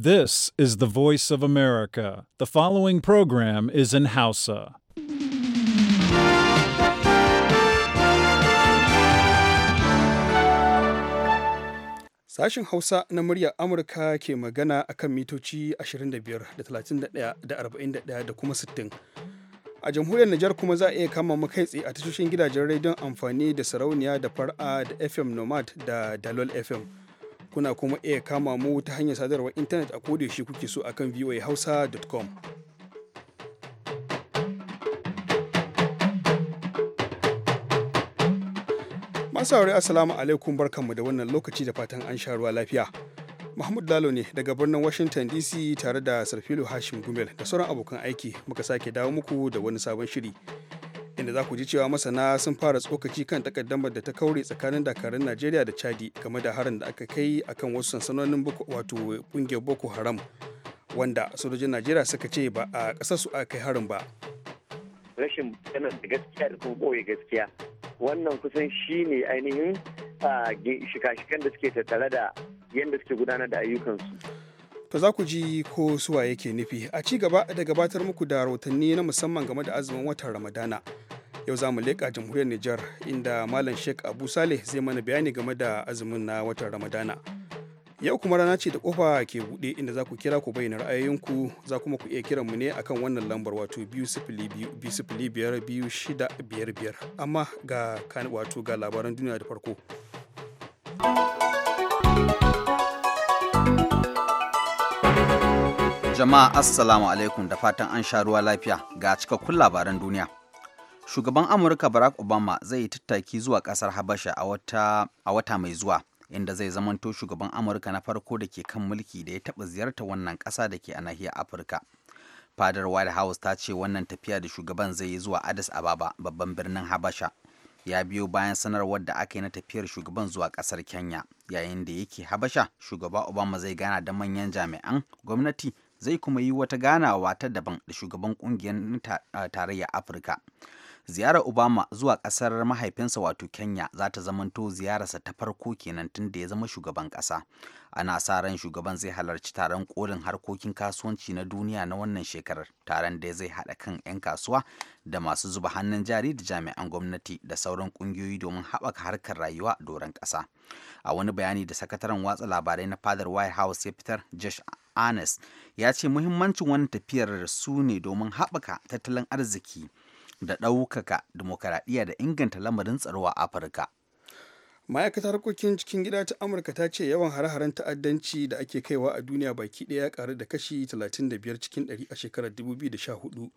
This is the voice of America. The following program is in Hausa. Sashen Hausa na muryar Amurka ke magana akan mitoci 25 da 31 da 41 da kuma 60. A jamhuriyar Nijar kuma za a iya kama mu kai tsaye a tashoshin gidajen rediyon amfani da sarauniya da far'a da FM Nomad da Dalol FM. kuna kuma iya kama mu ta hanyar sadarwar intanet a shi kuke so akan voahausa.com. Masu aure asalamu alaikum barkanmu da wannan lokaci da fatan an sha ruwa lafiya. Mahmud Lalo ne daga birnin Washington DC tare da Sarfilo Hashim Gumel da sauran abokan aiki muka sake dawo muku da wani sabon shiri. inda za ku ji cewa masana sun fara tsokaci kan takaddamar da ta kaure tsakanin dakarun najeriya da chadi game da harin da aka kai akan wasu sansanonin wato kungiyar boko haram wanda sojojin najeriya suka ce ba a ƙasar su aka kai harin ba rashin tsanan da gaskiya da kuma ɓoye gaskiya wannan kusan shi ne ainihin shika-shikan da suke tattare da yadda suke gudanar da ayyukansu to za ku ji ko suwa yake nufi a ci gaba da gabatar muku da rahotanni na musamman game da azumin watan ramadana yau za mu leƙa jamhuriyar Nijar inda Malam Sheikh Abu Saleh zai mana bayani game da azumin na watan Ramadana. Yau kuma rana ce da kofa ke buɗe inda za ku kira ku bayyana ra'ayoyinku za kuma ku iya kiran mu ne akan wannan lambar wato biyu sifili biyu biyu sifili biyar biyu shida biyar biyar amma ga wato ga labaran duniya da farko. Jama'a Assalamu alaikum da fatan an sha ruwa lafiya ga cikakkun labaran duniya. shugaban amurka barack obama zai yi tattaki zuwa kasar habasha a wata mai zuwa inda zai zamanto shugaban amurka na farko da ke kan mulki da ya taɓa ziyarta wannan ƙasa da ke a nahiyar afirka fadar white house ta ce wannan tafiya da shugaban zai yi zuwa addis ababa babban birnin habasha ya biyo bayan sanarwar da aka yi na tafiyar shugaban zuwa ƙasar kenya yayin da yake habasha shugaba obama zai gana da manyan jami'an gwamnati zai kuma yi wata ganawa ta daban da shugaban ƙungiyar tarayyar afirka ziyarar obama zuwa kasar mahaifinsa wato kenya za ta zamanto ziyararsa ta farko kenan tun da ya zama shugaban kasa ana sa ran shugaban zai halarci taron kolin harkokin kasuwanci na duniya na wannan shekarar taron da zai haɗa kan 'yan kasuwa da masu zuba hannun jari da jami'an gwamnati da sauran ƙungiyoyi domin haɓaka harkar rayuwa doron ƙasa a wani bayani da sakataren watsa labarai na fadar white house ya fitar josh anes ya ce muhimmancin wannan tafiyar su ne domin haɓaka tattalin arziki da ɗaukaka dimokuraɗiyya da inganta lamarin tsaro a afirka ma'aikatar harkokin cikin gida ta amurka ta ce yawan hare-haren ta'addanci da ake kaiwa a duniya baki ɗaya ya karu da kashi 35 cikin 100 a shekarar 2014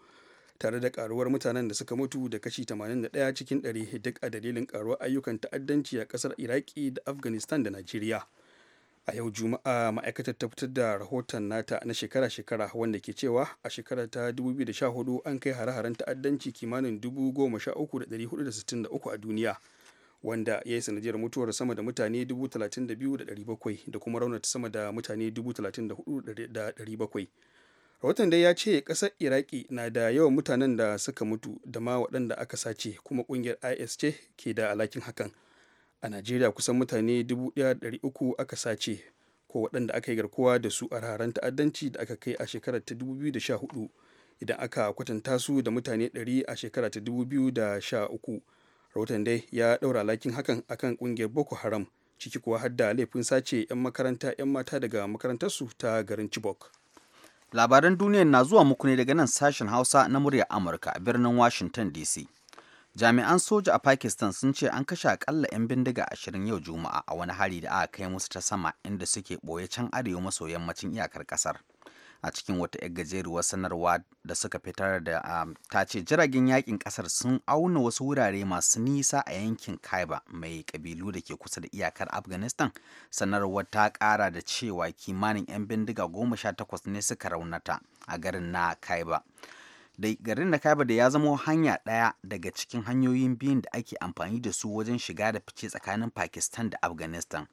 tare da ƙaruwar mutanen da suka mutu da kashi 81 cikin 100 duk a dalilin ƙaruwar ayyukan ta'addanci a ƙasar iraki da afghanistan da najeriya a yau juma'a ma'aikatar ta fitar da rahoton nata na shekara-shekara wanda ke cewa a shekarar ta 2014 an kai hare-haren ta'addanci kimanin 13,463 a duniya wanda ya yi sanadiyar mutuwar sama da mutane 32,700 da kuma raunata sama da mutane 34,700 rahoton dai ya ce ƙasar iraki na da yawan mutanen da suka mutu da ma waɗanda aka sace kuma ƙungiyar is ce ke da alakin hakan a najeriya kusan mutane 1,300 aka sace ko waɗanda aka yi garkuwa da su a raran ta'addanci da aka kai a shekarar ta 2014 idan aka kwatanta su da mutane 100 a shekara ta 2013 rahoton dai ya ɗaura lakin hakan akan ƙungiyar boko haram ciki kuwa har da laifin sace 'yan makaranta 'yan mata daga makarantarsu ta garin chibok labaran duniya na zuwa muku ne daga nan sashen hausa na muryar amurka a birnin washington dc Jami'an soja a Pakistan sun ce an kashe akalla 'yan bindiga 20 yau Juma'a a wani hari da aka kai musu ta sama inda suke ɓoye can arewa maso yammacin iyakar ƙasar. A cikin wata 'yar gajeruwar sanarwa da suka fitar da um, ta ce jiragen yakin ƙasar sun auna wasu wurare masu nisa a yankin Kaiba mai kabilu da ke kusa da iyakar Afghanistan. Sanarwar ta kara da cewa kimanin 'yan bindiga goma sha takwas ne suka raunata a garin na Kaiba. da garin na kaba da ya zama hanya ɗaya daga cikin hanyoyin biyun da ake amfani da su wajen shiga da fice tsakanin pakistan da afghanistan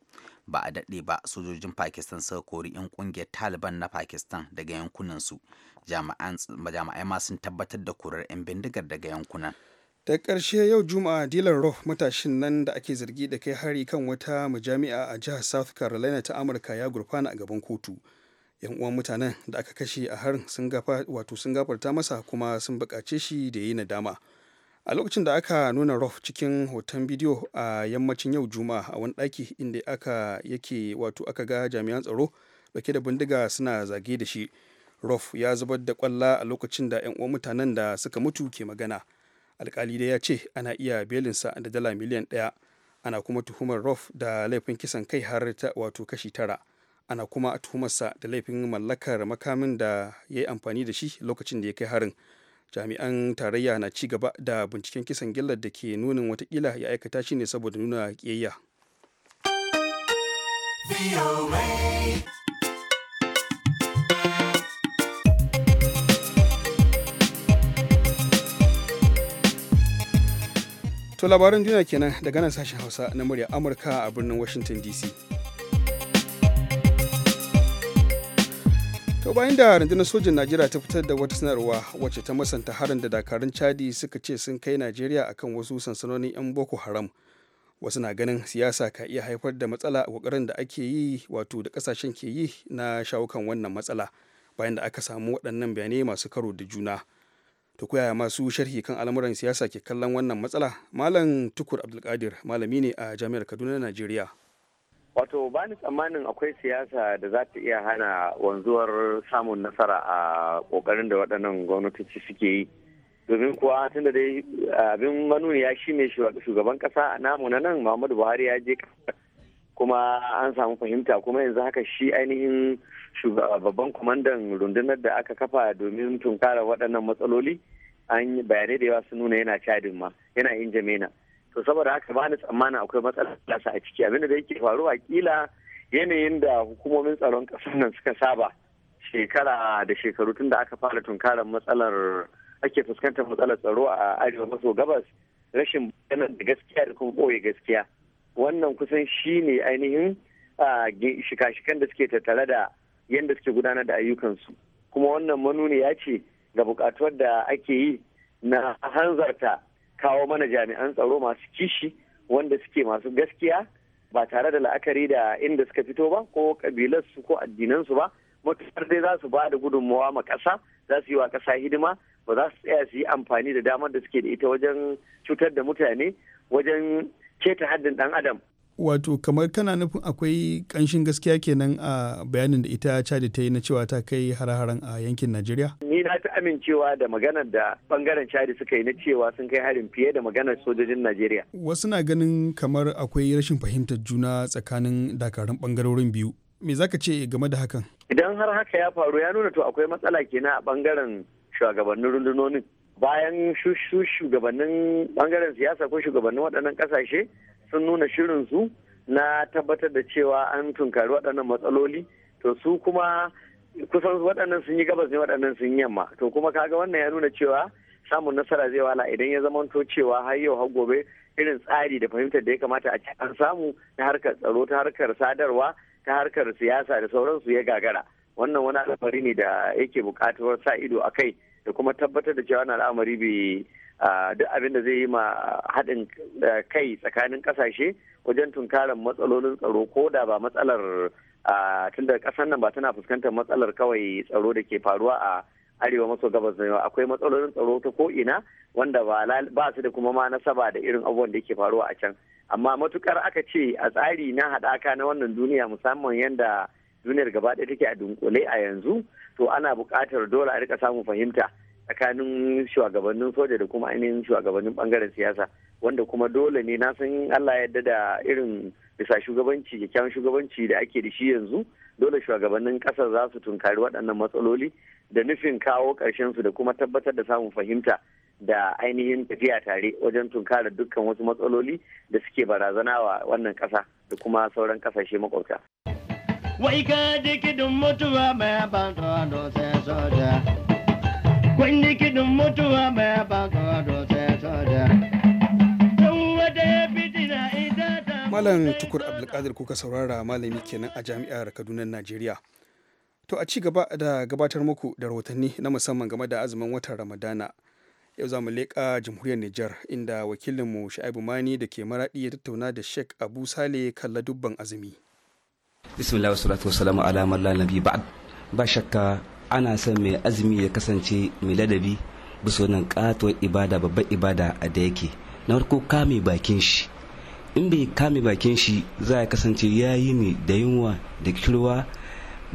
ba a daɗe ba sojojin pakistan suka kori 'yan ƙungiyar taliban na pakistan daga yankunansu jami'ai ma sun tabbatar da kurar 'yan bindigar daga yankunan ta karshe yau juma'a dilan roh matashin nan da ake zargi da kai hari kan wata majami'a a jihar south carolina ta amurka ya gurfana a gaban kotu yan uwan mutanen da aka kashe a harin sun wato sun gafarta masa kuma sun buƙace shi da yi nadama a lokacin da aka nuna rof cikin hoton bidiyo a yammacin yau juma'a a wani ɗaki inda aka yake wato aka ga jami'an tsaro dauke da bindiga suna zage da shi rof ya zubar da kwalla a lokacin da yan uwan mutanen da suka mutu ke magana alkali dai ya ce ana iya belinsa da dala miliyan ɗaya ana kuma tuhumar rof da laifin kisan kai har wato kashi tara ana kuma tuhumarsa da laifin mallakar makamin da ya yi amfani da shi lokacin da ya kai harin jami'an tarayya na ci gaba da binciken kisan gillar da ke nunin watakila ya aikata shi ne saboda nuna kiyayya To labaran duniya kenan daga nan sashen Hausa na murya Amurka a birnin Washington DC. to bayan da rundunar sojin najeriya ta fitar da wata sanarwa wacce ta masanta harin da dakarun chadi suka ce sun kai najeriya akan wasu sansanonin 'yan boko haram wasu na ganin siyasa ka iya haifar da matsala a kokarin da ake yi wato da kasashen ke yi na shawukan wannan matsala bayan da aka samu waɗannan bayanai masu karo da juna to koyaya masu sharhi kan al'amuran siyasa ke kallon wannan matsala malam tukur abdulkadir malami ne a jami'ar kaduna najeriya wato ba ni tsammanin akwai siyasa da za ta iya hana wanzuwar samun nasara a kokarin da waɗannan gwamnatoci suke yi domin kuwa tun da dai eh, abin manuniya shi ne shugaban ƙasa namu na nan muhammadu buhari ya je kuma an samu fahimta kuma yanzu haka shi ainihin babban kwamandan rundunar da aka kafa domin tunkara waɗannan matsaloli an bayanai da yawa sun nuna yana cadin ma yana injamena. to saboda haka ba ni tsammanin akwai matsalar siyasa a ciki abinda da yake faruwa kila yanayin da hukumomin tsaron ƙasar nan suka saba shekara da shekaru tun da aka fara tunkarar matsalar ake fuskantar matsalar tsaro a arewa maso gabas rashin bayyana da gaskiya da kuma ɓoye gaskiya wannan kusan shine ainihin shika-shikan da suke tattare da yadda suke gudanar da ayyukansu kuma wannan manuniya ce ga buƙatuwar da ake yi na hanzarta kawo mana jami'an tsaro masu kishi wanda suke masu gaskiya ba tare da la'akari da inda suka fito ba ko kabilarsu ko addinansu ba matuƙar dai za su ba da gudunmawa ma ƙasa za su yi wa ƙasa hidima ba za su tsaya su yi amfani da damar da suke da ita wajen cutar da mutane wajen keta haddin ɗan adam wato kamar kana nufin akwai ƙanshin gaskiya kenan a bayanin da ita Cadi ta yi na cewa ta kai har-haren a yankin najeriya ni na ta amincewa da maganar da bangaren Cadi suka yi na cewa sun kai harin fiye da maganar sojojin najeriya wasu na ganin kamar akwai rashin fahimtar juna tsakanin dakarun bangarorin biyu me zaka ce game da hakan idan har haka ya faru ya nuna to akwai matsala kenan a bangaren shugabannin rundunonin bayan shugabannin bangaren siyasa ko shugabannin waɗannan ƙasashe sun nuna shirinsu na tabbatar da cewa an tunkari waɗannan matsaloli to su kuma kusan waɗannan sun yi gabas ne waɗannan sun yi yamma to kuma kaga wannan ya nuna cewa samun nasara zai wala idan ya zamanto cewa har yau har gobe irin tsari da fahimtar da ya kamata a an samu ta harkar tsaro ta harkar sadarwa ta harkar siyasa da sauransu ya gagara wannan wani alfari ne da yake buƙatar sa ido a kai da kuma tabbatar da cewa al'amari bai duk abin da zai yi ma haɗin eh, kai tsakanin ƙasashe wajen tunkarar matsalolin tsaro ko da ba matsalar tunda ƙasar nan ba tana fuskantar matsalar kawai tsaro da ke faruwa a arewa maso gabas na yau akwai matsalolin tsaro ta ko ina wanda ba su da kuma ma nasaba da irin abubuwan da ke faruwa a can amma matukar aka ce a tsari na haɗaka na wannan duniya musamman yadda duniyar gaba ɗaya take a dunkule a yanzu to ana buƙatar dole a rika samun fahimta tsakanin shugabannin soja da kuma ainihin shugabannin bangaren siyasa wanda kuma dole ne na san Allah ya yarda da irin bisa shugabanci kyakkyawan shugabanci da ake da shi yanzu dole shugabannin kasar za su tunkari waɗannan matsaloli da nufin kawo ƙarshen su da kuma tabbatar da samun fahimta da ainihin tafiya tare wajen tunkarar dukkan wasu matsaloli da suke barazana wa wannan ƙasa da kuma sauran ƙasashe makwabta. wai ka dikidin mutuwa mai bankawa tsoro sai soja kun dikidin mutuwa mai bankawa tsoro sai soja Malam Tukur Abdulkadir kuka saurara malami kenan a jami'ar Kaduna Najeriya. To a ci gaba da gabatar muku da rahotanni na musamman game da azumin watan Ramadana. Yau za mu leƙa jamhuriyar Nijar inda wakilinmu Sha'ibu Mani da ke maraɗi ya tattauna da Sheikh Abu Sale kalla dubban azumi. bismillah wasalatu wasalamu ala malla nabi ba'd ba shakka ana son mai azumi ya kasance mai ladabi bisa wannan katuwar ibada babbar ibada a da yake na farko kame bakin shi in bai kame bakin shi za ya kasance ya yi ne da yunwa da kirwa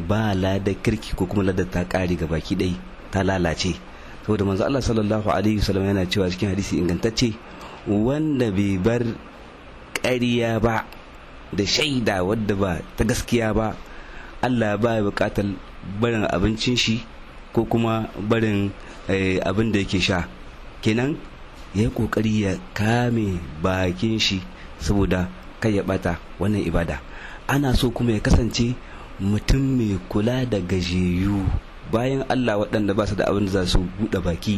ba lada kirki ko kuma ladar ta kare ga baki ɗaya ta lalace saboda manzo Allah sallallahu alaihi wasallam yana cewa cikin hadisi ingantacce wanda bai bar ƙarya ba da shaida wadda ba ta gaskiya ba allah ba ya bukatar barin abincin shi ko kuma barin eh, abin da yake sha kenan ya yi kokari ya kame bakin shi saboda kai ya bata wannan ibada ana so kuma ya kasance mutum mai kula da gajeyu bayan allah waɗanda ba su da abin da za su buɗe baki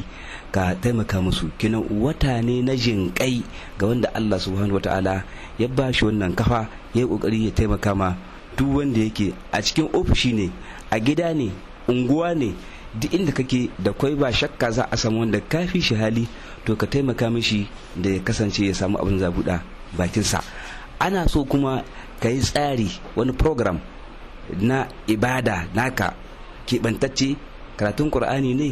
ka taimaka musu kenan wata ne na jinƙai ga wanda allah subhanahu ta'ala ya ba shi wannan kafa ya yi kokari ya taimaka ma duk wanda yake a cikin ofishi ne a gida ne unguwa ne duk inda kake da kwai ba shakka za a samu wanda kafi shi hali to ka taimaka mishi da ya kasance ya samu abin zabuɗa bakinsa ana so kuma ka yi tsari wani program na ibada naka keɓantacce karatun ƙur'ani ne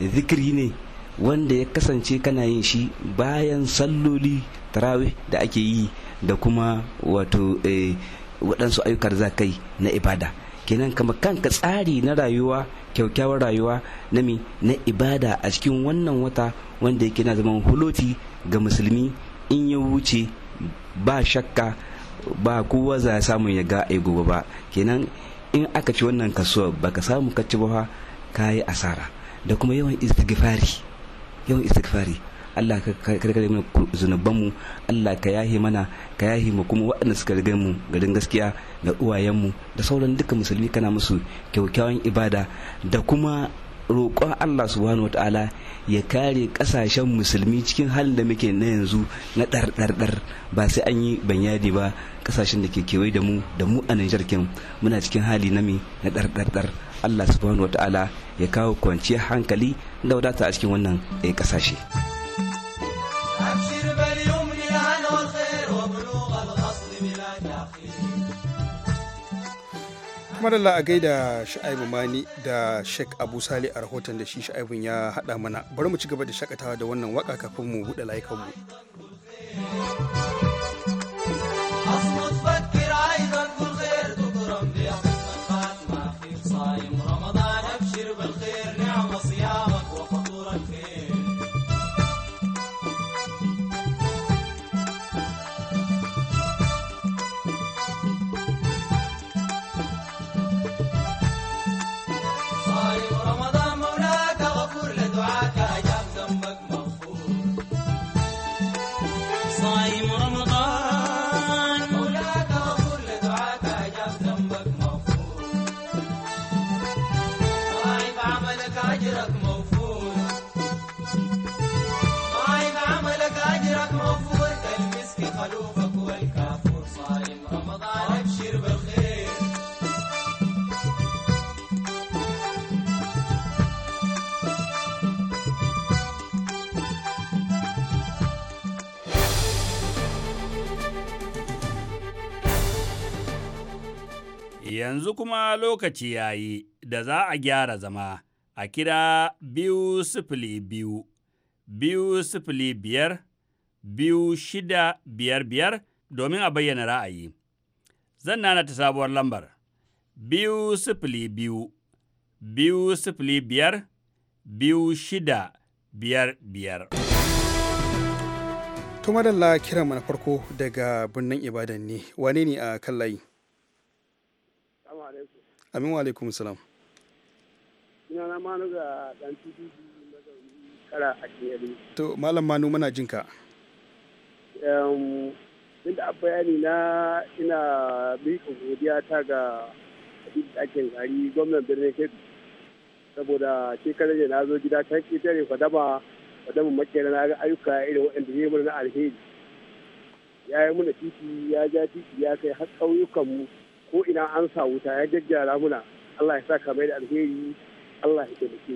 zikiri ne wanda ya kasance kana yin shi bayan salloli tarawih da ake yi da kuma wato eh, waɗansu ayyukar za kai na ibada kenan kama kanka tsari na rayuwa kyaukyawar rayuwa na mi na ibada a cikin wannan wata wanda yake na zaman huloti ga musulmi in ya wuce ba shakka ba kowa za ya samu ya ga gobe ba kenan in aka ci wannan kasuwa baka samu ka ba ka yi asara da kuma yawan istighfari yawan istighfari Allah ka karkare mana zunubanmu Allah ka yahe mana ka yahi mu kuma waɗanda suka riga mu garin gaskiya da uwayenmu da sauran duka musulmi kana musu kyaukyawan ibada da kuma roƙon Allah subhanahu ta'ala ya kare ƙasashen musulmi cikin halin da muke na yanzu na ɗarɗarɗar ba sai an yi banyadi ba kasashen da ke kewaye da mu da mu a Niger kin muna cikin hali nami na dar Allah subhanahu wataala ya kawo kwanciyar hankali da wadata a cikin wannan eh, kasashe. madalla a gaida sha'aibu mani da sheik abu sali a rahoton da shi sha'aibun ya haɗa mana bari mu ci gaba da shakatawa da wannan waka kafin mu buɗe layukanmu. mu my kuma lokaci ya yi da za a gyara zama a kira biyu sifili biyu, biyu sifili biyar, biyu shida biyar biyar domin a bayyana ra'ayi. Zan nana ta sabuwar lambar, biyu sifili biyu, biyu sifili biyar, biyu shida biyar biyar. Tumadalla kira mana farko daga birnin Ibadan ne, wane ne a kan layi? amin wa alaikum salam ina na manu ga dan tudu kara a kiyari to malam manu muna jin ka um inda bayani na ina miƙa godiya ta ga abin da ake gari gwamnan birnin kebbi saboda shekarar da na zo gida ta ƙetare fadama fadama makera na ayyuka irin waɗanda ya yi na alheri ya yi muna titi ya ja titi ya kai har ƙauyukanmu ko ina an sa wuta ya jajjara muna Allah ya sa ka mai da alheri Allah ya taimake shi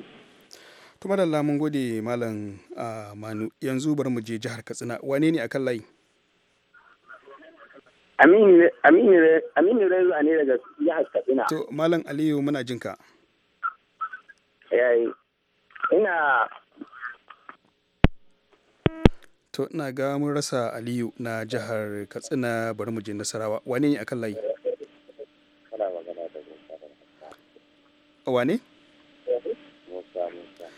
to madalla mun gode malam ah, manu yanzu bari mu je jihar katsina wane ne akan layi aminu rezu ne daga jihar katsina to malam aliyu muna jin ka ina to ina ga mun rasa aliyu na jihar katsina bari mu je nasarawa wane ne akan layi wane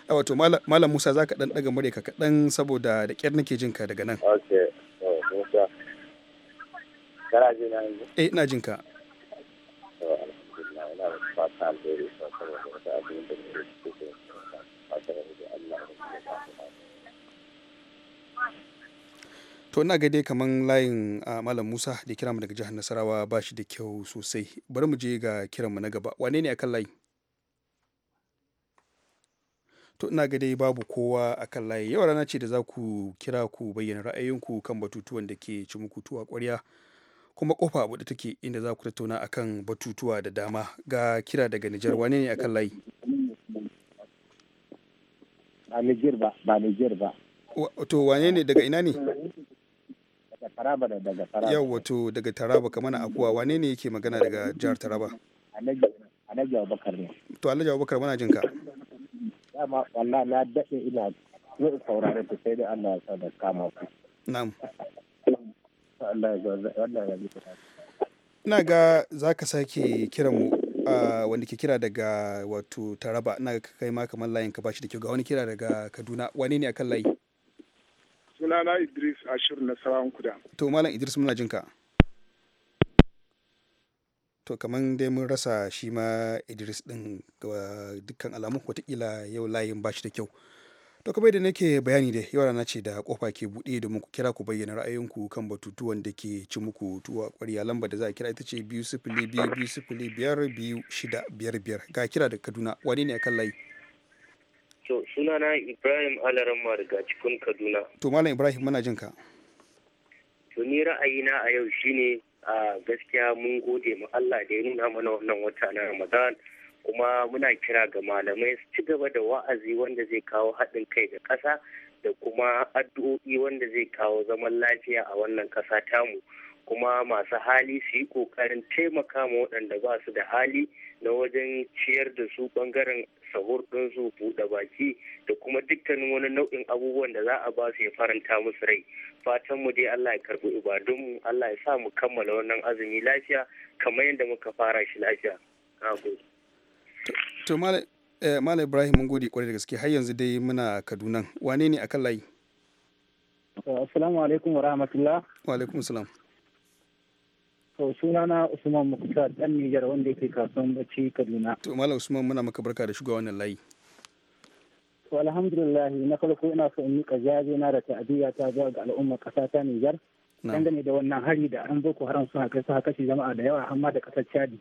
a wato malam musa za ka dan daga mure ka kaɗan saboda da ƙyar nake jin ka daga nan eh ina jin ka to ina ga dai kaman layin malam musa da kira mu daga jihar nasarawa ba shi da kyau sosai bari mu je ga kiranmu na gaba wane ne akan layin to ina ga dai babu kowa a kan layi yau rana ce da za ku kira ku bayyana ra'ayinku kan batutuwan da ke ci muku tuwa ƙwarya kuma kofa a buɗe take inda za ku tattauna akan batutuwa da dama ga kira daga Nijar wane ne akan layi ba Nijar ba ba Nijar ba to wane ne daga ina ne daga Taraba da daga Taraba yau wato daga Taraba kamar akuwa wane ne yake magana daga jihar Taraba Alhaji Abubakar ne to Alhaji Abubakar muna jinka dama wallahi na daɗe ina zai saurare sai dai Allah ya sa da kama ku. Ina ga za ka sake kiran mu wanda ke kira daga wato Taraba na kai ma kamar layin ka bashi da kyau ga wani kira daga Kaduna wane ne akan layi? Sunana Idris ashiru na Sarawan Kuda. To Malam Idris muna jinka. ka. to kamar dai mun rasa shi ma idris din ga dukkan alamu watakila yau layin ba shi da kyau to kamar da nake bayani da yau rana ce da kofa ke buɗe domin ku kira ku bayyana ra'ayinku kan batutuwan da ke ci muku tuwa ƙwarya lamba da za a kira ita ce biyu sifili biyu biyu sifili biyar biyu shida biyar biyar ga kira da kaduna wani ne a kan layi. to sunana ibrahim alaramma daga cikin kaduna. to malam ibrahim muna jin ka. to ni ra'ayina a yau shine a gaskiya mun gode ma Allah da ya nuna mana wannan wata na Ramadan kuma muna kira ga malamai su ci gaba da wa'azi wanda zai kawo haɗin kai da ƙasa da kuma addu'o'i wanda zai kawo zaman lafiya a wannan ƙasa tamu kuma masu hali su yi ƙoƙarin taimaka ma waɗanda ba su da hali na wajen ciyar da su ɓangaren sahur ɗinsu buɗe baki da kuma dukkanin wani nau'in abubuwan da za a ba su ya faranta musu rai fatan mu dai Allah ya karɓi ibadunmu Allah ya sa mu kammala wannan azumi lafiya kamar yadda muka fara shi lafiya to malam eh, ibrahim mun gode kwarai da gaske har yanzu dai muna kaduna wane ne akan layi assalamu alaikum wa rahmatullah wa alaikum assalam To sunana Usman Muktar dan Nijar wanda yake kasuwan bacci Kaduna. To Malam Usman muna maka barka da shiga wannan layi. To alhamdulillah na farko ina so in mika jaje na da ta'adiyya ta zuwa ga al'umma ƙasa ta Nijar. Dangane da wannan hari da an boko haram suna kai su kashe jama'a da yawa amma da ƙasar Chadi.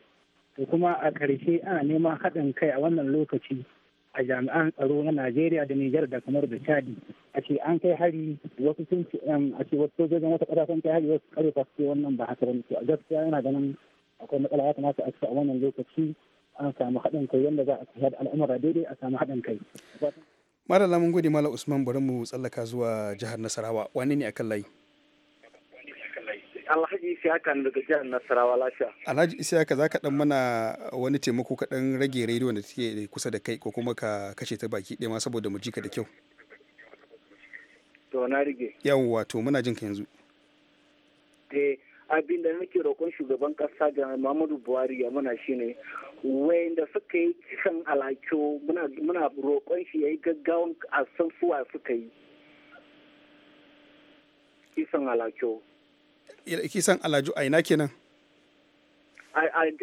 To kuma a ƙarshe ana neman haɗin kai a wannan lokaci a jami'an tsaro na Najeriya da Nijar da kamar da Chadi a ce an kai hari wasu sun a ce wasu sojojin wata ƙasa sun kai hari wasu kare ta ce wannan ba haka bane to a gaskiya yana ganin akwai matsala ya kamata a ce a wannan lokaci an samu haɗin kai yanda za a tafiyar al'amura daidai a samu haɗin kai. Madalla mun gode Malam Usman bari mu tsallaka zuwa jihar Nasarawa wani ne a kan layi? Alhaji Isiyaka daga jihar Nasarawa lafiya. Alhaji Isiyaka za ka ɗan mana wani taimako ka dan rage rediyon da take kusa da kai ko kuma ka kashe ta baki ɗaya ma saboda mu ji ka da kyau. To na rige. Yawwa to muna jin ka yanzu. Eh abinda nake roƙon shugaban ƙasa da Muhammadu Buhari ya muna shine wayanda suka yi kisan alhaki muna roƙon shi ya yi gaggawan a san suwa suka yi. Kisan alhaki kisan alaju a ina kenan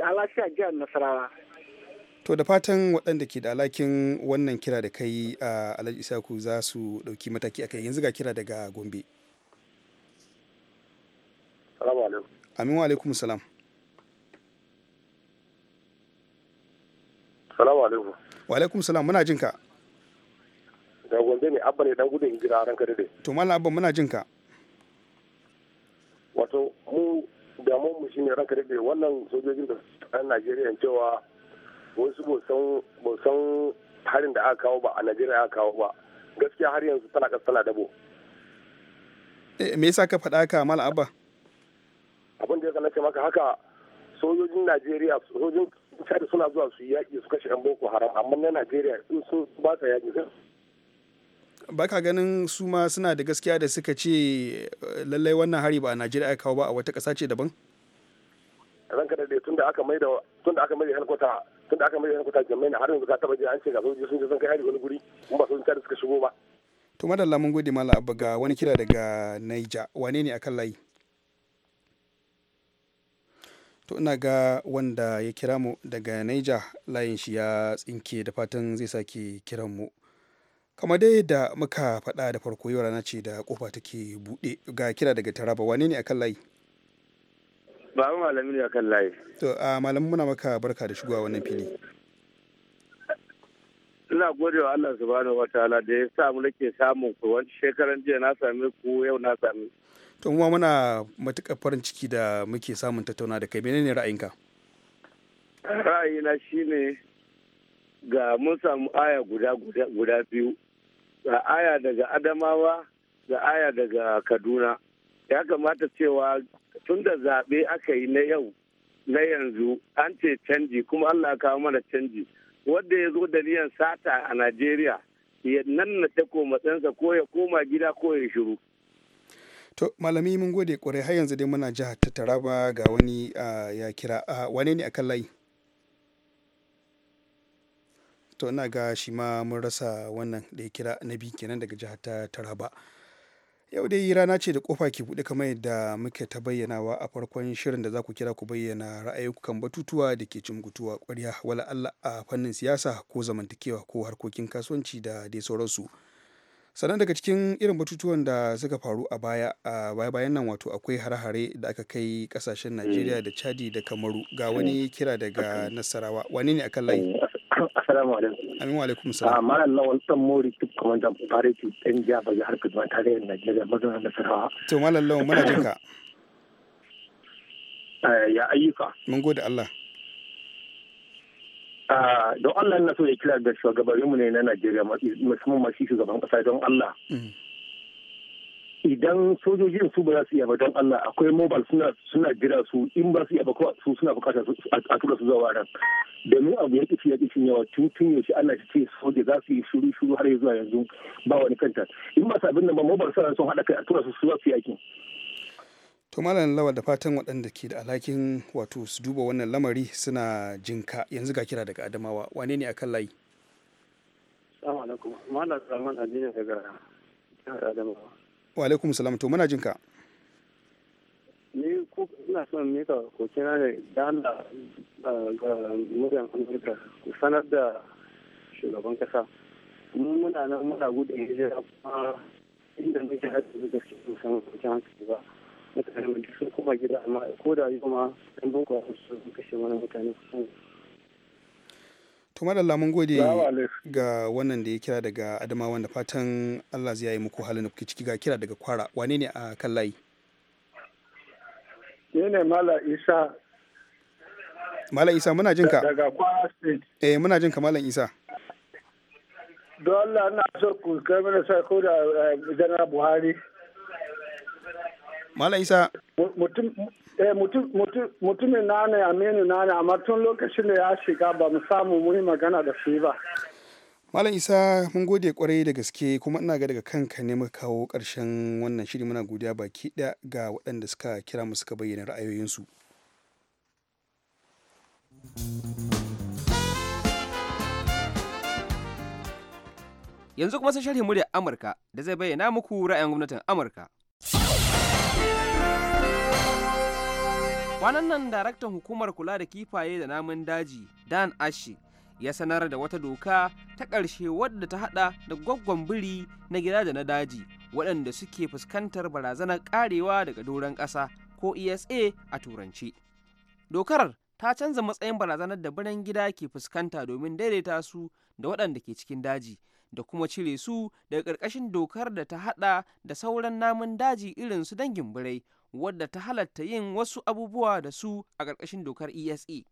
alashi a jihar nasarawa to da fatan waɗanda ke da alakin wannan kira da kai a alhaji isaku za su ɗauki mataki akai yanzu ga kira daga gombe amin wa alaikum salam salamu alaikum wa alaikum salam muna jinka da gombe ne abba ne dan gudun hijira ranka dade to mallam abba muna jinka wato mu damuwar mu shine ranka daɗe wannan sojojin da a najeriya cewa wasu ba san harin da aka kawo ba a najeriya aka kawo ba gaskiya har yanzu tana ƙasa tana dabo eh, me yasa ka faɗa ka mal abba abin da ya nace maka haka sojojin najeriya sojojin chad suna zuwa su yaƙi su kashe yan boko haram amma na najeriya sun ba ta yaƙi baka ganin su ma suna da gaskiya da suka ce eh, lallai wannan hari ba a najeriya aka kawo ba a wata ƙasa ce daban ranka da dai tunda aka maida tunda aka maida halkwata tunda aka maida halkwata jami'ai har yanzu ka taba ji an ce ga sojoji sun je sun kai hari wani guri kuma ba sojojin da suka shigo ba to madalla mun gode mala abu ga wani kira daga naija wane ne akan layi to ina ga wanda ya kira mu daga naija layin shi ya tsinke da fatan zai sake kiran mu kama dai da muka faɗa da farko yau rana ce da kofa take buɗe ga kira daga taraba wane ne akan layi ba mu malami ne akan layi to a malam muna maka barka da shigowa wannan fili ina gode wa Allah subhanahu wataala da ya sa mu nake samun ku wani shekaran jiya na same ku yau na same to mu muna matuƙar farin ciki da muke samun tattauna da kai menene ra'ayinka ra'ayina shine ga mun samu aya guda guda biyu ga aya daga adamawa ga aya daga kaduna ya kamata cewa tun da zaɓe aka yi na yau na yanzu an ce canji kuma allah kawo mana canji wadda ya zo da niyan sata a najeriya ya nan na matsansa ko ya koma gida ko ya shiru to malami mun gode kwarai har yanzu dai muna jihar ta taraba ga wani ah, ya kira ah, wane ne akan layi to ina ga shi ma mun rasa wannan da ya kira na biyu kenan daga jihar ta taraba yau dai rana ce da kofa ke buɗe kamar yadda muke ta bayyanawa a farkon shirin da za ku kira ku bayyana kan batutuwa da ke gutuwa ƙwarya wala Allah a fannin siyasa ko zamantakewa ko harkokin kasuwanci da dai sauransu sannan daga cikin irin batutuwan da suka faru a baya a baya bayan nan wato akwai hare-hare da aka kai kasashen najeriya mm. da chadi da kamaru ga mm. wani kira daga nasarawa wani ne akan layi mm. Assalamu alaikum. Amin wa alaikum ah, salam. wani dan mori duk kwamandan fareti ɗan ya harkar da Najeriya To malam lawan muna ah, Mun ah, Don Allah na so ya kira ga shugabanninmu ne na Najeriya musamman masu shugaban ƙasa don Allah. Mm. idan sojojin su ba za su iya ba don Allah akwai mobile suna suna jira su in ba su iya ba kuma su suna bukatar a tura su zuwa ran domin abu ya kici ya kici yawa tun yaushe Allah ya ce soja za su yi shuru shuru har zuwa yanzu ba wani kanta in ba sabin nan ba mobile suna sun haɗa kai a tura su su za su yakin. to malam lawa da fatan waɗanda ke da alhakin wato su duba wannan lamari suna jinka yanzu ga kira daga adamawa wane ne akan layi. Assalamu alaikum. Malam zaman addini daga Adamawa. wa alaikum salam to muna jinka ni ko ina son mika kokina ne da Allah ga mutan Amurka ku sanar da shugaban kasa mun muna nan muna gudu hijira kuma inda muke hadu da gaske ko san ku kokin hankali ba mutane mun sun kuma gida amma ko da yi kuma dan boko su kashe wani mutane su to madalla mun gode ga wannan da ya kira daga adama wanda fatan allah zai yi muku halin da kuke ciki ga kira daga kwara wane ne a kan layi ne ne mala isa mala isa muna jin ka daga kwara state eh muna jin ka malam isa don allah na so ku kai mana sako da janar eh, buhari mala isa mutum eh mutumin na ne aminu na ne amma tun lokacin da ya shiga ba mu samu muyi magana da su ba Malam Isa mun gode kwarai da gaske kuma ina ga daga kanka ne muka kawo karshen wannan shiri muna godiya baki ɗaya ga waɗanda suka kira mu suka bayyana ra'ayoyinsu. Yanzu kuma sai sharhin da Amurka da zai bayyana muku ra'ayin gwamnatin Amurka. kwanan nan daraktan hukumar kula da kifaye da namun daji dan ashe ya sanar da wata doka ta ƙarshe wadda ta hada da gwaggon biri na gida da na daji waɗanda suke fuskantar barazanar karewa daga doron ƙasa ko esa a turance dokar ta canza matsayin barazanar da biran gida ke fuskanta domin daidaita su da waɗanda ke cikin daji da kuma cire su daga ƙarƙashin dokar da ta haɗa da sauran namun daji irin su dangin birai wadda ta halatta yin wasu abubuwa da su a ƙarƙashin dokar ESA. E.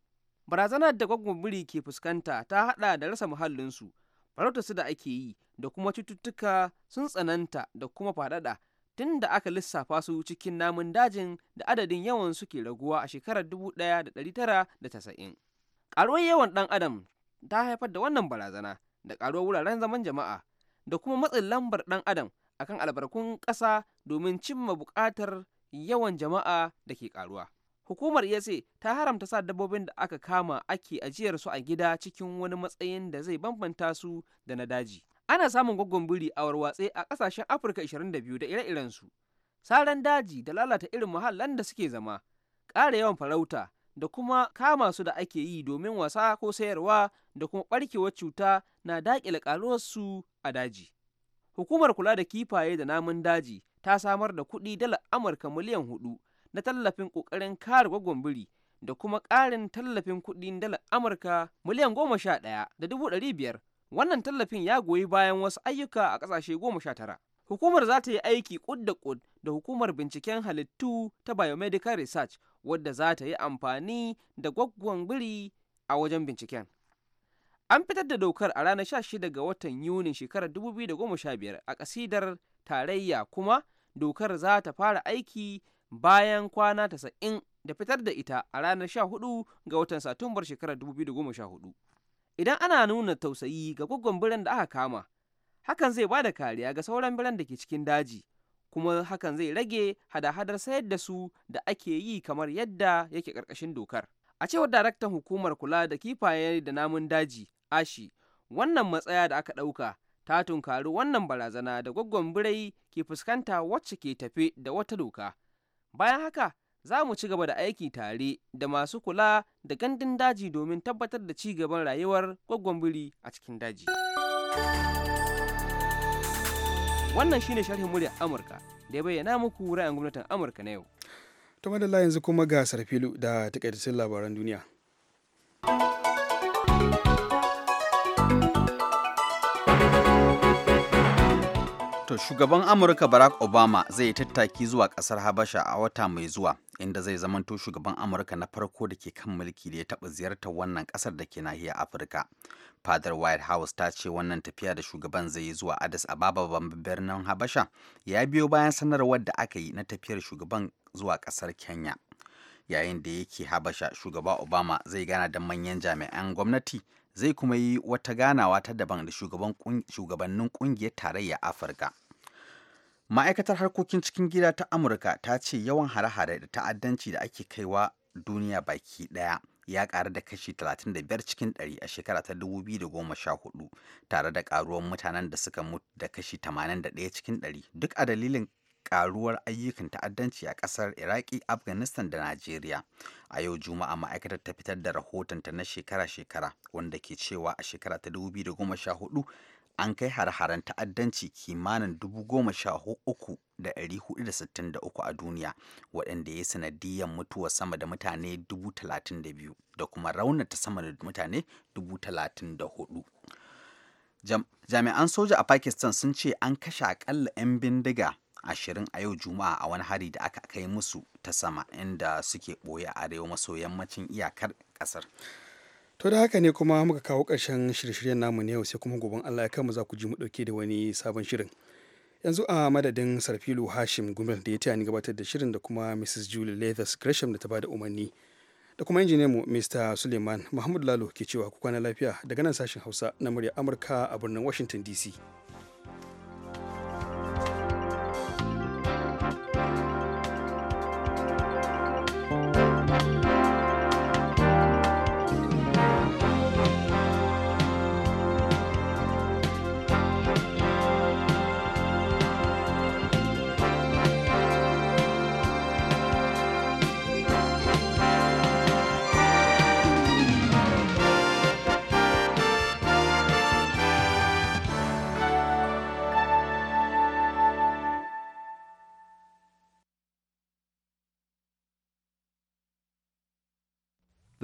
Barazanar da biri ke fuskanta ta haɗa da rasa muhallinsu, farautarsu da ake yi da kuma cututtuka sun tsananta da kuma faɗaɗa tun da aka lissafa su cikin namun dajin da adadin yawan suke raguwa a shekarar dubu ɗaya da tara 1990. Ƙaruwar yawan ɗan adam ta haifar da wannan barazana da ƙaruwar wuraren zaman jama'a da kuma matsin lambar ɗan adam akan albarkun ƙasa domin cimma buƙatar yawan jama'a da ke karuwa. Hukumar ESA ta haramta sa dabbobin da aka kama ake ajiyar su a gida cikin wani matsayin da zai bambanta su da na daji. Ana samun gwaggon biri a warwatse a ƙasashen Afirka 22 da ire-iren su. Saran daji da lalata irin muhallan da suke zama, ƙara yawan farauta da kuma kama su da ake yi domin wasa ko sayarwa da kuma ɓarkewar cuta na daƙile su a daji. Hukumar kula da kifaye da namun daji ta samar da kuɗi dala Amurka miliyan hudu na tallafin ƙoƙarin kare gwaggon biri da kuma ƙarin tallafin kuɗi dala Amurka miliyan goma sha ɗaya da dubu ɗari biyar. Wannan tallafin ya goyi bayan wasu ayyuka a ƙasashe goma sha tara. Hukumar za ta yi aiki ƙud da ƙud da hukumar binciken halittu ta Biomedical Research wadda za ta yi amfani da gwaggon biri a wajen binciken. An fitar da dokar a ranar 16 ga watan Yunin shekarar 2015 a kasidar tarayya kuma dokar za ta fara aiki bayan kwana tasa'in da fitar da ita a ranar 14 ga watan Satumbar shekarar 2014. Idan ana nuna tausayi ga gwaggon biran da aka kama, hakan zai ba da kariya ga sauran biran da ke cikin daji, kuma hakan zai rage hada-hadar sayar da su da ake yi kamar yadda yake ƙarƙashin dokar. A cewar daraktan hukumar kula da kifaye da namun daji, ashi wannan matsaya da aka ɗauka ta tunkari wannan barazana da gwaggon birai ke fuskanta wacce ke tafe da wata doka bayan haka za mu ci gaba da aiki tare da masu kula da gandun daji domin tabbatar da ci gaban rayuwar gwaggon biri a cikin daji wannan shine sharhin muryar amurka da ya bayyana muku ra'ayin gwamnatin amurka na yau to madalla yanzu kuma ga sarfilu da takaitattun labaran duniya To shugaban Amurka Barack Obama zai tattaki zuwa ƙasar Habasha a wata mai zuwa inda zai zamanto shugaban Amurka na farko da ke kan mulki da ya taɓa ziyartar wannan ƙasar da ke nahiyar Afirka. Fadar White House ta ce wannan tafiya da shugaban zai yi zuwa Addis Ababa babban birnin Habasha ya biyo bayan sanarwar da aka yi na tafiyar shugaban zuwa ƙasar Kenya. Yayin da yake Habasha, shugaba Obama zai gana da manyan jami'an gwamnati zai kuma yi wata ganawa ta daban da shugabannin kungiyar tarayya afirka ma'aikatar harkokin cikin gida ta amurka ta ce yawan hare-hare da ta'addanci da ake kaiwa duniya baki daya ya ƙaru da kashi 35 cikin 100 a shekara ta 2014 tare da ƙaruwar mutanen da suka mutu da kashi 81 cikin 100 duk a dalilin karuwar ayyukan ta'addanci a ƙasar iraki afghanistan da najeriya a yau juma'a ma'aikatar ta fitar da rahotonta na shekara-shekara wanda ke cewa a shekara ta 2014 an kai har-haren ta'addanci kimanin 13,463 a duniya waɗanda ya sanadiyyar mutuwa sama da mutane 32,000 da kuma raunata sama da mutane 34,000 jami'an soja a pakistan sun ce an kashe akalla 'yan bindiga ashirin a yau juma'a a wani hari da aka kai musu ta sama inda suke ɓoye a arewa maso yammacin iyakar ƙasar to da haka ne kuma muka kawo ƙarshen shirye-shiryen namu ne yau sai kuma gobe allah ya kama za ku ji mu ɗauke da wani sabon shirin yanzu a madadin sarfilu hashim gumel da ya taya ni gabatar da shirin da kuma mrs julie leathers gresham da ta bada umarni da kuma injiniyan mu mr suleiman muhammadu lalo ke cewa ku kwana lafiya daga nan sashen hausa na murya amurka a birnin washington dc